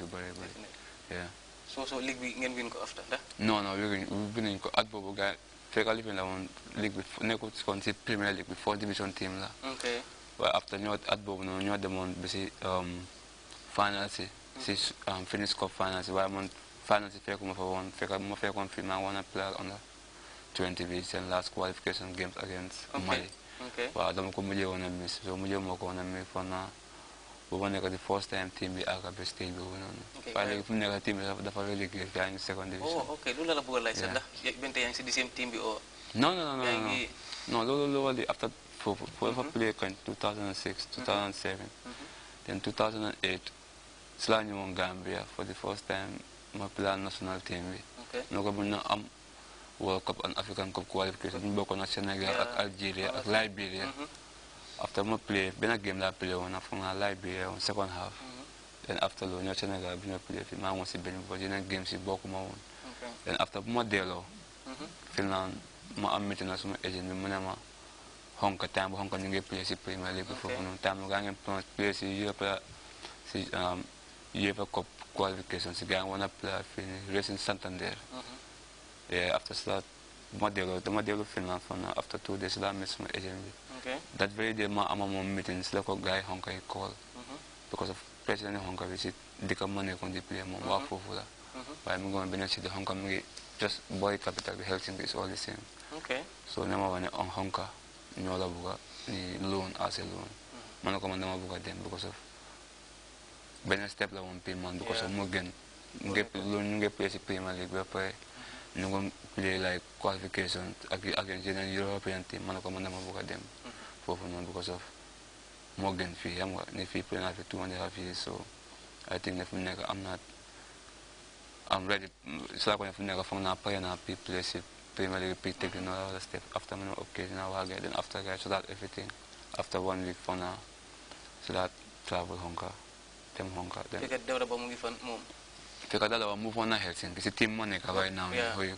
yu so so league bi ngeen win ko after da non non ko at boobu ga fekka lifin la woon league bi nekkul si premier league bi four division team la ok waaye after ñoo at boobu noonu ñoo demoon ba si um, final si si finish um, cup final si waaye man si fekkuma woon ma fekkoon fi maa woon a player on the 20 bi seen last qualification games against Mali waaw dama ko mujjee woon a miss so mujjee moo woon a miss for now boobu nekk first time team bi ak après stage boobu noonu. waaye léegi fu mu nekk team bi dafa relégué yaa ngi second division. oh ok loolu la la bëgg a laaj sax ndax bente yaa ngi si dixième team bi oo. non non non non loolu after for for dafa mhm. play in 2006 mhm. 2007. Mhm. then 2008 si laa ñëwoon Gambia for the first time My plan national team Okay. No, ko mën am World Cup and African Cup qualification ñu bokkoon ak Sénégal ak Algeria ak Liberia after my play, been a game that I play on from a library eh, on second half. Mm -hmm. Then after loan, your channel have been a play for my once been because in a game she back my own. Then after my deal, mm-hmm. Finland, my meeting as my agent, my name Kong time, Hong Kong. didn't get play in Premier League for no time. I can play in Europe, um, UEFA Cup qualifications. So I want to play finish racing Santander. Mm-hmm. Yeah, after that, my deal, the model Finland for after two days, I miss my agent. that very day ma ama moom meeting si la ko gars yi xonkoy call mm-hmm. because of président xonko bi si dëkka ma nekkoon di play moom waa mm-hmm. foofu la mm-hmm. waaye mu ngi woon beneen cité xonka mu ngi just boy capital bi Helsinki is all the same so ne ma wane on xonka ñoo la ni loan as a loan ma ne ko man dama bugga dem because of beneen step la woon paiement because of mu gën ngépp play si Premier League ba pare ñu play like qualification ak ak yeneen European team ma ne ko man dama bugga dem 4.1 because of Morgan fee. I'm going to playing after two and a half years, so I think if I'm not I'm ready. So I'm going to from now play and I'll be place Premier League be taking all the stuff after my occasion I'll get then after that, so that everything after one week from now. So that travel hunger, them hunger. Then. You get develop a movie from mom. fekadala wa move wana helsinki si team mone ka right now yeah. ko ye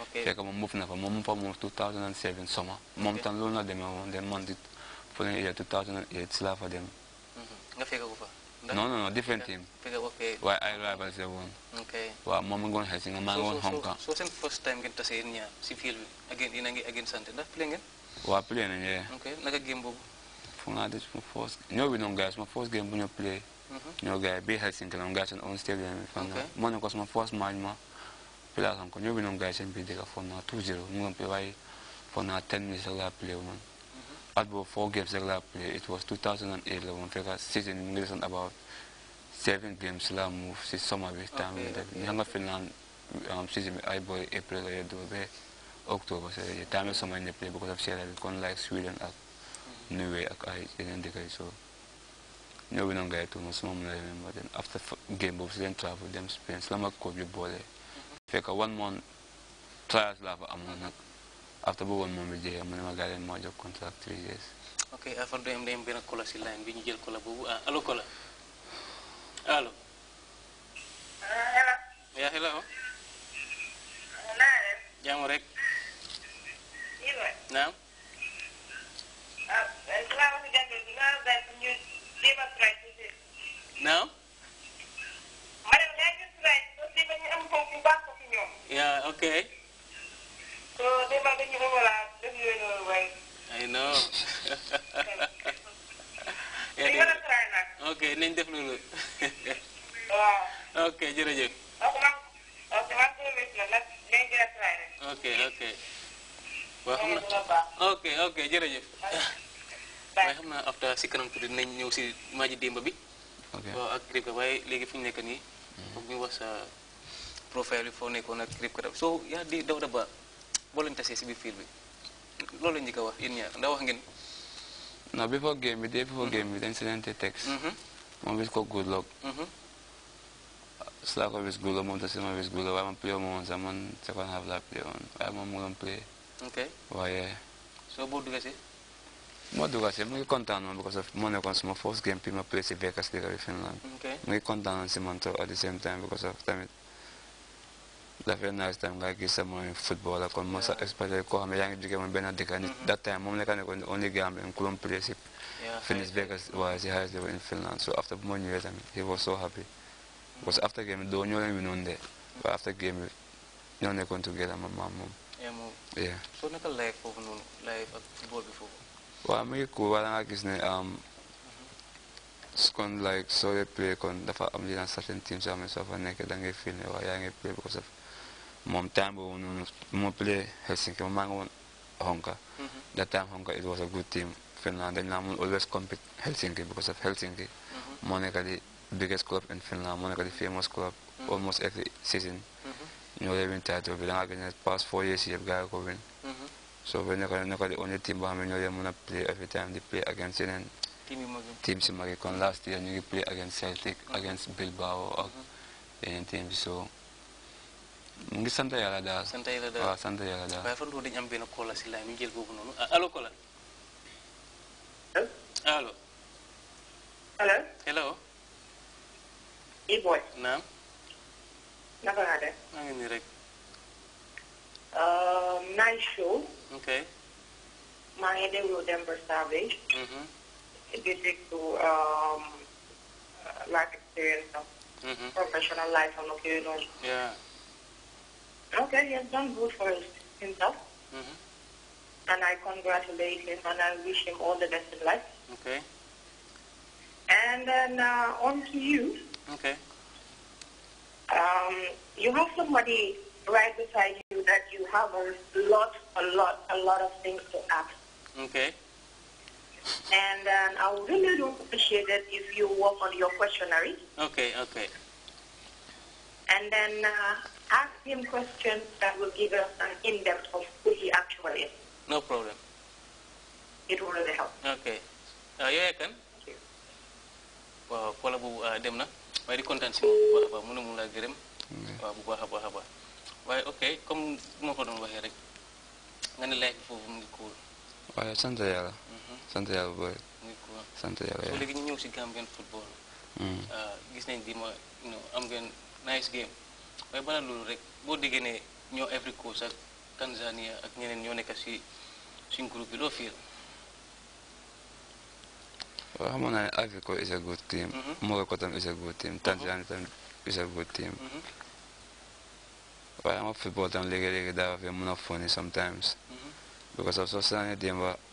okay. feka move nafa mo move move 2007 summer mom okay. tan lona deme wo then man did following year 2008 sila fa dem nga feka fa no no no different team why i arrive as the one okay wa mom ngon ma ngon hong kong so sen first time ngeen tase nia si field bi again ina ngi again play ngeen wa game bobu fu nga des mo first game bu ñu play Jag gars i Helsingfors Helsinki la moom gars yi seen own stadium yi fan naa moo nekkoon sama first match ma play ko ñoo från noonu gars yi seen biir dëkk foog naa two zero mu ngi play waaye foog naa ten minutes rek laa man mhm. at boobu four games rek play it was 2008 la moom season mu ngi about seven games laa move si summer bi temps bi def ñu xam nga Finland season bi ay boy April la yeddoo ba October sa temps bi summer ne play because of seereer bi like Sweden ak mhm. Norway ak ay yeneen dëkk yi so ñoo bi noon ngay tu mo suma mun a remember then after game boobu si leen travel dem Spain si la ma coach bi boolee fekk one month trials laa fa amoon nag after boobu one month bi jeexee mu ne ma gaa leen moo jox contract three years ok afan do am day am benn kola si line bi ñu jël kola boobu ah allo kola allo yaa hello jaamu rek naam ok nañ def loolu. waaw. ok jërëjëf. ok ok. xam naa ok ok waaye xam naa afta si kanam tuuti nañ ñëw si maaji démb bi. waaw ak Kripke waaye léegi fu ñu nekk nii. Hmm. foog ñu wax sa profil bi foo nekkoon ak Kripke daf so yaa di Dawda Ba boo leen si biir fiil bi loolu lañ njëkk a wax yéen ñaar ndax wax ngeen. non before game bi day before mm-hmm. game bi dañ si text. Mm-hmm. ma wis ko Goodluck mm-hmm. Slack ko wis Goodluck moom tamit si ma wis Goodluck waaye man play woon sax man second half laa play woon waaye moom mu doon play ok waaye soo boo dugga si moo dugga si mu ngi kontaan man because of moo nekkoon suma first game bi ma play si Vegas Liga bi Finland mu ngi kontaan to at the same time because of tamit dafay nice time nga gis sa mooy football la kon moo sa expérience koo xam ne yaa ngi jógee moom benn that time moom nekka nekkoon only game ku doon play si Finnish Vegas was the highest level in Finland. So after one year, he was so happy. Was after game, don't know him on there. But after game, you know, they come together, my mom. Yeah, mom. Yeah. So, like a life of no life at football before. Well, I'm cool. What I like is name. Um, scon like so they play con the fact I'm in a certain team, so I'm so far naked and feel like I play because of mom time but when we play Helsinki, my man Honka. Mm-hmm. That time Honka it was a good team. Finland dañ naa mun always compete Helsinki because of Helsinki mm-hmm. moo nekk di biggest club in Finland moo nekk di famous club mm-hmm. almost every season mm-hmm. ñoo lay win bi da ngaa gis ne past four years yëpp gars yi ko win so ba nekk di only team boo xam ne ñoo lay mun a play every time di play against yeneen team si magi kon last year ñu ngi play against Celtic against Bilbao mu ngi sant yàlla daal sant yàlla daal sant yàlla daal waaye am Hello? Hello. Hello. Hello. E-boy. naam. naka nga def. nice show. ok. My name is Demba Savage. to mm-hmm. um life experience of mm-hmm. professional life am okay, you know. yeah. ok he has done good for himself. Mm-hmm and I congratulate him and I wish him all the best in life. Okay. And then uh, on to you. Okay. Um, you have somebody right beside you that you have a lot, a lot, a lot of things to ask. Okay. And um, I really do appreciate it if you work on your questionnaire. Okay, okay. And then uh, ask him questions that will give us an in-depth of who he actually is. No problem. It will really help. Ah, waaw Pola boobu ah, dem na waaye di kontaan si moom bu baax a baax mu mm-hmm. bu baax a baax waaye ok comme ma ko doon waxee rek nga ne laaj foofu mu ngi kuul. waaye sant yàlla. Mm-hmm. sant yàlla bu ngi kuul sant yàlla yàlla. soo léegi ñu ñëw si Gambian football. Mm. Ah, gis nañ di ma am ngeen nice game waaye balaa loolu rek boo déggee ne ñoo Ivory Coast ak Tanzania ak ñeneen ñoo nekk si. synchrophilophiel. Ramona and is a good team. Mm -hmm. Morocco is a good team. Tanzania mm -hmm. is a good team. Mm -hmm. But I'm off the bottom, that, I'm not funny sometimes. Mm -hmm. Because i am so seen